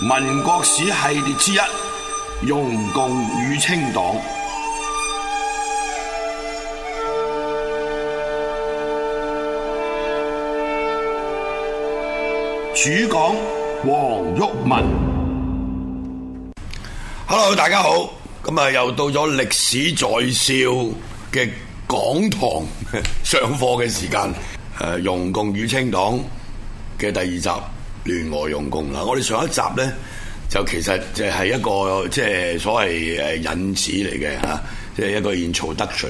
民國史系列之一：容共與清黨。主講：黃郁文。Hello，大家好，今日又到咗歷史在笑嘅講堂 上課嘅時間，誒，容共與清黨嘅第二集。聯俄容共啦！我哋上一集咧就其實就係一個即係，就是、所謂誒引子嚟嘅嚇，即係一個 introduction。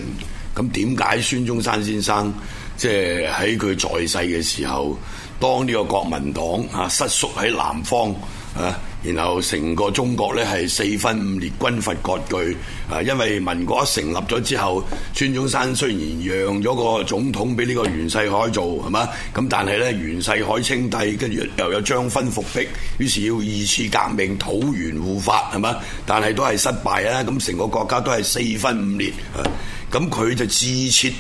咁點解孫中山先生即係喺佢在世嘅時候，當呢個國民黨嚇失縮喺南方嚇？啊然後成個中國呢係四分五裂，軍閥割據。啊，因為民國一成立咗之後，孫中山雖然讓咗個總統俾呢個袁世凱做，係嘛？咁但係咧，袁世凱稱帝，跟住又有張勳復辟，於是要二次革命，討袁護法，係嘛？但係都係失敗啊！咁成個國家都係四分五裂。咁佢就自設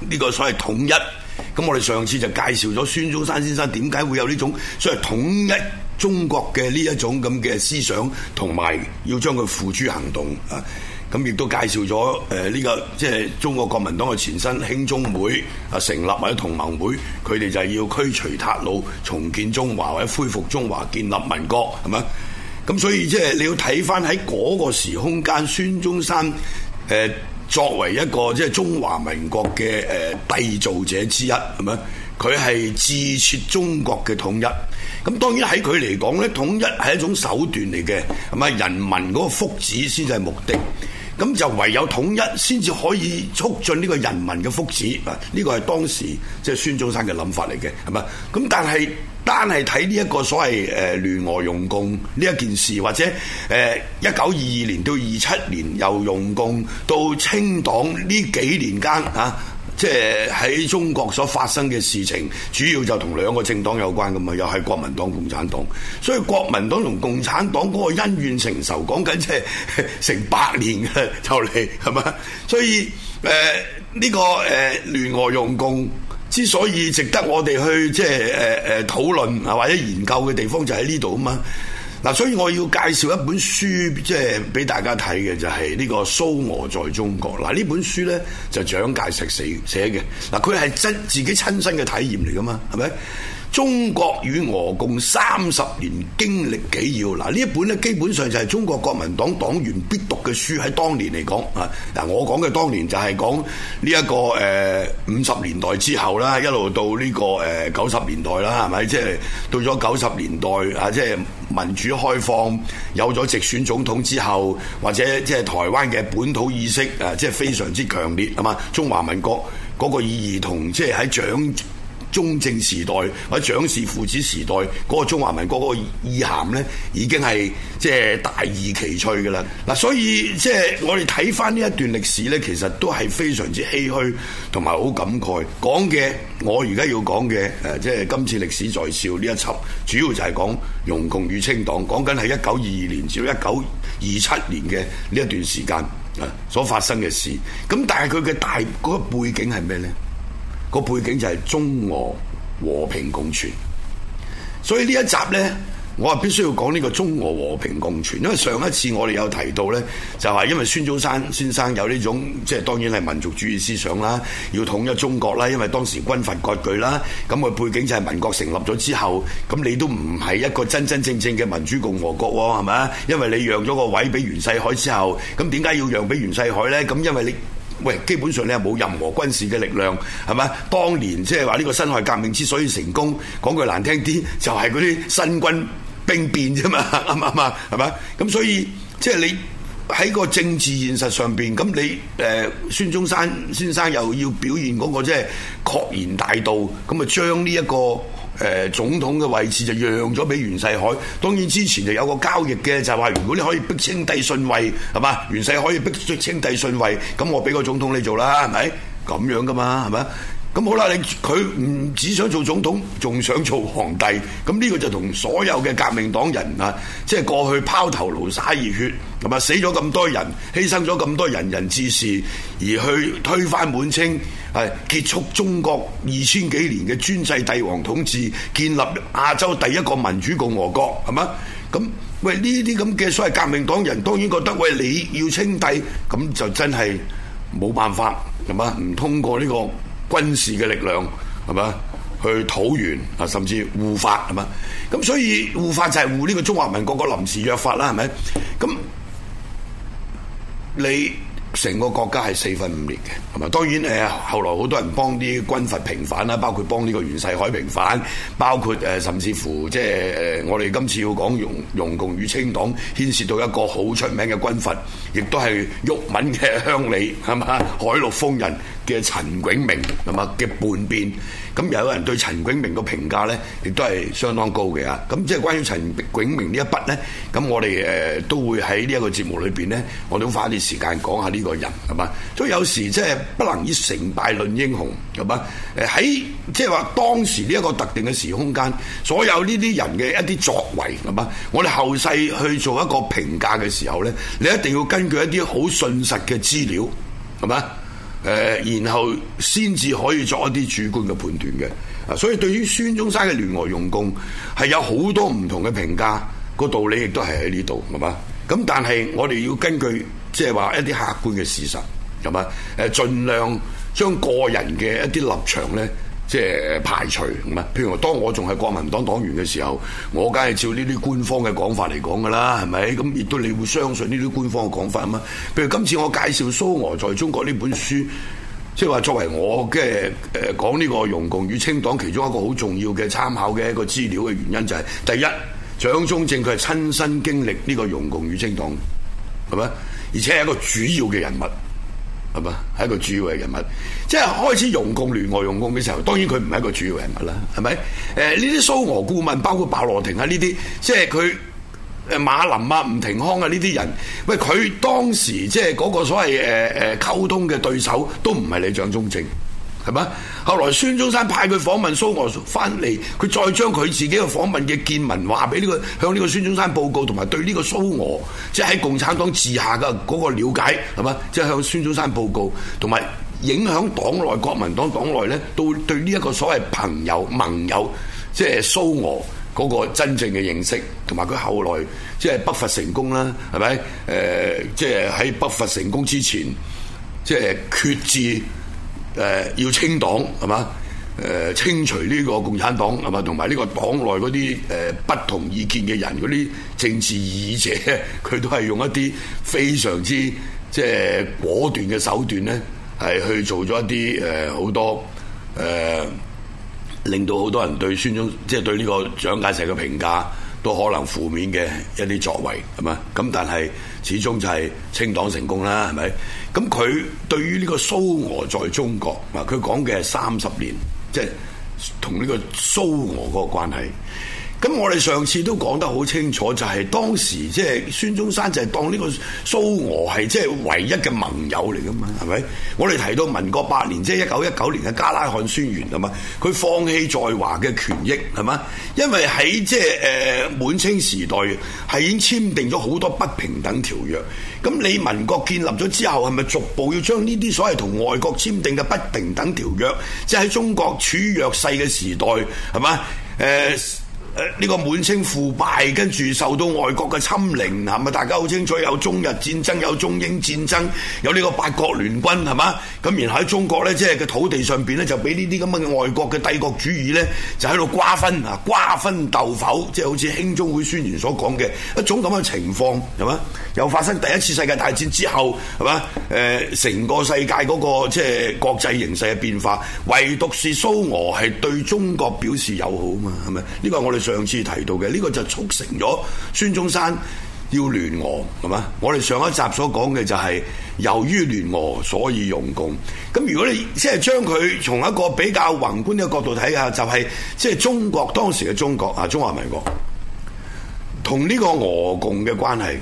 呢個所謂統一。咁我哋上次就介紹咗孫中山先生點解會有呢種所謂統一。中國嘅呢一種咁嘅思想，同埋要將佢付諸行動啊！咁亦都介紹咗誒呢個即係、就是、中國國民黨嘅前身興中會啊，成立或者同盟會，佢哋就係要驅除韃虜，重建中華或者恢復中華，建立民國，係嘛？咁所以即係、就是、你要睇翻喺嗰個時空間，孫中山誒、呃、作為一個即係、就是、中華民國嘅誒締造者之一，係嘛？佢係自切中國嘅統一，咁當然喺佢嚟講咧，統一係一種手段嚟嘅，係咪人民嗰個福祉先係目的？咁就唯有統一先至可以促進呢個人民嘅福祉。啊，呢個係當時即係孫中山嘅諗法嚟嘅，係咪？咁但係單係睇呢一個所謂誒、呃、聯俄容共呢一件事，或者誒一九二二年到二七年由容共到清黨呢幾年間啊，即係喺中國所發生嘅事情，主要就同兩個政黨有關噶嘛，又係國民黨、共產黨，所以國民黨同共產黨嗰個恩怨成仇，講緊即係成百年嘅就嚟係嘛，所以誒呢、呃呢個誒、呃、聯俄用共之所以值得我哋去即係誒誒討論啊或者研究嘅地方就喺呢度啊嘛。嗱，所以我要介紹一本書，即係俾大家睇嘅就係、是、呢、呢個蘇俄在中國。嗱，呢本書咧就是、蔣介石寫寫嘅。嗱，佢係真自己親身嘅體驗嚟噶嘛，係咪？《中國與俄共三十年經歷紀要》，嗱呢一本咧，基本上就係中國國民黨黨員必讀嘅書，喺當年嚟講啊。嗱，我講嘅當年就係講呢一個誒五十年代之後啦，一路到呢個誒九十年代啦，係咪？即係到咗九十年代啊，即係民主開放，有咗直選總統之後，或者即係台灣嘅本土意識啊，即係非常之強烈係嘛！中華民國嗰個意義同即係喺蔣。中正時代或者蔣氏父子時代嗰、那個中華民國嗰個意涵呢，已經係即係大異其趣嘅啦。嗱，所以即係、就是、我哋睇翻呢一段歷史呢，其實都係非常之唏噓同埋好感慨。講嘅我而家要講嘅誒，即、就、係、是、今次歷史在笑呢一集，主要就係講容共與清黨，講緊係一九二二年至一九二七年嘅呢一段時間啊，所發生嘅事。咁但係佢嘅大嗰個背景係咩呢？個背景就係中俄和平共存，所以呢一集呢，我係必須要講呢個中俄和平共存，因為上一次我哋有提到呢，就係因為孫中山先生有呢種即係當然係民族主義思想啦，要統一中國啦，因為當時軍閥割據啦，咁個背景就係民國成立咗之後，咁你都唔係一個真真正正嘅民主共和國喎，係咪啊？因為你讓咗個位俾袁世凱之後，咁點解要讓俾袁世凱呢？咁因為你。基本上你係冇任何軍事嘅力量，係嘛？當年即係話呢個辛亥革命之所以成功，講句難聽啲，就係嗰啲新軍兵變啫嘛，啱唔啱啊？係嘛？咁所以即係、就是、你喺個政治現實上邊，咁你誒、呃、孫中山孫先生又要表現嗰個即係確然大道，咁啊將呢、這、一個。誒、呃、總統嘅位置就讓咗俾袁世凱，當然之前就有個交易嘅，就係話如果你可以逼清帝遜位，係嘛？袁世凱可以逼清帝遜位，咁我俾個總統你做啦，係咪？咁樣噶嘛，係咪？咁好啦，你佢唔只想做總統，仲想做皇帝，咁呢個就同所有嘅革命黨人啊，即係過去拋頭顱灑熱血，係嘛？死咗咁多人，犧牲咗咁多仁人志士，而去推翻滿清。係結束中國二千幾年嘅專制帝王統治，建立亞洲第一個民主共和國，係嘛？咁喂呢啲咁嘅所謂革命黨人，當然覺得喂，你要稱帝，咁就真係冇辦法，係嘛？唔通過呢個軍事嘅力量，係嘛？去討袁啊，甚至護法，係嘛？咁所以護法就係護呢個中華民國個臨時約法啦，係咪？咁你？成個國家係四分五裂嘅，係嘛？當然誒、呃，後來好多人幫啲軍閥平反啦，包括幫呢個袁世凱平反，包括誒、呃，甚至乎即係誒，我哋今次要講容容共與清黨牽涉到一個好出名嘅軍閥，亦都係毓民嘅鄉里，係嘛？海陸豐人，嘅陳炯明係嘛？嘅叛變，咁有人對陳炯明個評價呢，亦都係相當高嘅啊！咁即係關於陳炯明呢一筆呢，咁我哋誒、呃、都會喺呢一個節目裏邊呢，我都花啲時間講下呢個人係嘛。所以有時即係不能以成敗論英雄係嘛？喺即係話當時呢一個特定嘅時空間，所有呢啲人嘅一啲作為係嘛，我哋後世去做一個評價嘅時候呢，你一定要根據一啲好信實嘅資料係嘛。誒，然後先至可以作一啲主觀嘅判斷嘅，啊，所以對於孫中山嘅聯俄用共，係有好多唔同嘅評價，個道理亦都係喺呢度係嘛？咁但係我哋要根據即係話一啲客觀嘅事實係嘛？誒，儘量將個人嘅一啲立場咧。即係排除，係嘛？譬如當我仲係國民黨黨員嘅時候，我梗係照呢啲官方嘅講法嚟講噶啦，係咪？咁亦都你會相信呢啲官方嘅講法吖嘛？譬如今次我介紹蘇俄在中國呢本書，即係話作為我嘅誒、呃、講呢個容共與清黨其中一個好重要嘅參考嘅一個資料嘅原因就係、是、第一，蔣中正佢係親身經歷呢個容共與清黨，係咪？而且係一個主要嘅人物。係嘛？係一個主要嘅人物，即係開始容共聯外容共嘅時候，當然佢唔係一個主要人物啦，係咪？誒呢啲蘇俄顧問，包括鮑羅廷啊呢啲，即係佢誒馬林啊、吳廷康啊呢啲人，喂佢當時即係嗰個所謂誒誒、呃、溝通嘅對手，都唔係你蔣中正。係嘛？後來孫中山派佢訪問蘇俄翻嚟，佢再將佢自己嘅訪問嘅見聞話俾呢個向呢個孫中山報告，同埋對呢個蘇俄即係喺共產黨治下嘅嗰個瞭解，係嘛？即係向孫中山報告，同埋影響黨內國民黨黨內咧，都對呢一個所謂朋友盟友即係蘇俄嗰個真正嘅認識，同埋佢後來即係北伐成功啦，係咪？誒、呃，即係喺北伐成功之前，即係決戰。誒、呃、要清黨係嘛？誒、呃、清除呢個共產黨係嘛？同埋呢個黨內嗰啲誒不同意見嘅人嗰啲政治異議者，佢都係用一啲非常之即係果斷嘅手段咧，係去做咗一啲誒好多誒、呃，令到好多人對孫中即係對呢個蔣介石嘅評價。都可能負面嘅一啲作為，係嘛？咁但係始終就係清黨成功啦，係咪？咁佢對於呢個蘇俄在中國，嗱佢講嘅係三十年，即係同呢個蘇俄嗰個關係。咁我哋上次都講得好清楚，就係當時即係孫中山就係當呢個蘇俄係即係唯一嘅盟友嚟噶嘛，係咪？我哋提到民國八年，即係一九一九年嘅加拉罕宣言啊嘛，佢放棄在華嘅權益係嘛？因為喺即係誒滿清時代係已經簽訂咗好多不平等條約。咁你民國建立咗之後，係咪逐步要將呢啲所謂同外國簽訂嘅不平等條約，即係喺中國處於弱勢嘅時代係嘛？誒、呃誒呢個滿清腐敗，跟住受到外國嘅侵凌，係咪？大家好清楚有中日戰爭，有中英戰爭，有呢個八國聯軍，係嘛？咁然後喺中國呢，即係個土地上邊呢，就俾呢啲咁嘅外國嘅帝國主義呢，就喺度瓜分啊，瓜分豆剖，即、就、係、是、好似興中會宣言所講嘅一種咁嘅情況，係嘛？又發生第一次世界大戰之後，係嘛？誒、呃，成個世界嗰、那個即係國際形勢嘅變化，唯獨是蘇俄係對中國表示友好嘛，係咪？呢、這個係我哋。上次提到嘅呢個就促成咗孫中山要聯俄，係嘛？我哋上一集所講嘅就係由於聯俄，所以用共。咁如果你即係將佢從一個比較宏觀嘅角度睇下，就係即係中國當時嘅中國啊，中華民國同呢個俄共嘅關係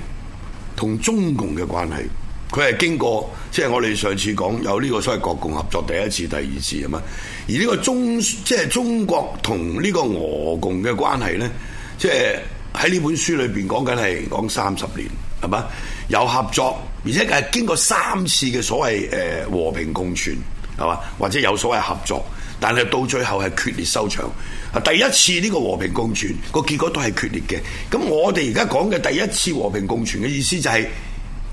同中共嘅關係。佢係經過，即係我哋上次講有呢個所謂國共合作第一次、第二次啊嘛。而呢個中，即係中國同呢個俄共嘅關係呢，即係喺呢本書裏邊講緊係講三十年，係嘛？有合作，而且係經過三次嘅所謂誒和平共存，係嘛？或者有所謂合作，但係到最後係決裂收場。第一次呢個和平共存個結果都係決裂嘅。咁我哋而家講嘅第一次和平共存嘅意思就係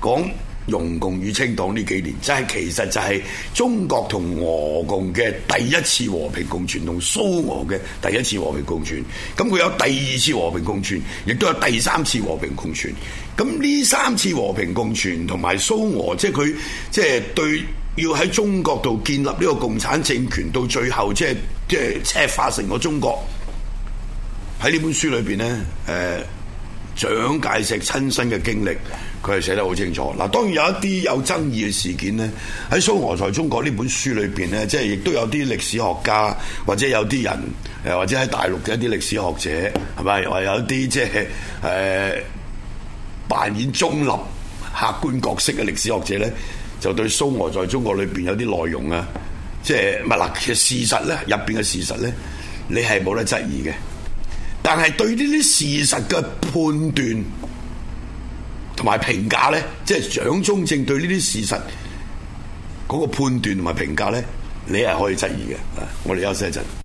講。容共與清黨呢幾年，即係其實就係中國同俄共嘅第一次和平共存，同蘇俄嘅第一次和平共存。咁佢有第二次和平共存，亦都有第三次和平共存。咁呢三次和平共存同埋蘇俄，即係佢即係對要喺中國度建立呢個共產政權，到最後即係即係赤化成個中國。喺呢本書裏邊呢。誒、呃。蔣介石親身嘅經歷，佢係寫得好清楚。嗱，當然有一啲有爭議嘅事件呢，喺《蘇俄在中國》呢本書裏邊呢，即係亦都有啲歷史學家，或者有啲人，誒，或者喺大陸嘅一啲歷史學者，係咪？或者有一啲即係誒扮演中立客觀角色嘅歷史學者呢，就對《蘇俄在中國》裏邊有啲內容啊，即係唔係嗱嘅事實呢，入邊嘅事實呢，你係冇得質疑嘅。但係對呢啲事實嘅判斷同埋評價呢，即係蔣中正對呢啲事實嗰個判斷同埋評價呢，你係可以質疑嘅。我哋休息一陣。